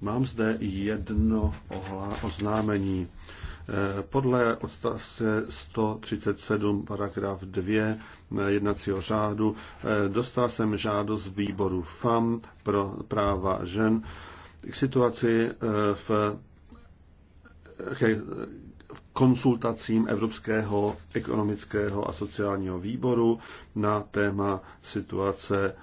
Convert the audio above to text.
Mám zde jedno oznámení. Eh, podle odstavce 137 paragraf 2 eh, jednacího řádu eh, dostal jsem žádost výboru FAM pro práva žen k situaci v ke konsultacím Evropského ekonomického a sociálního výboru na téma situace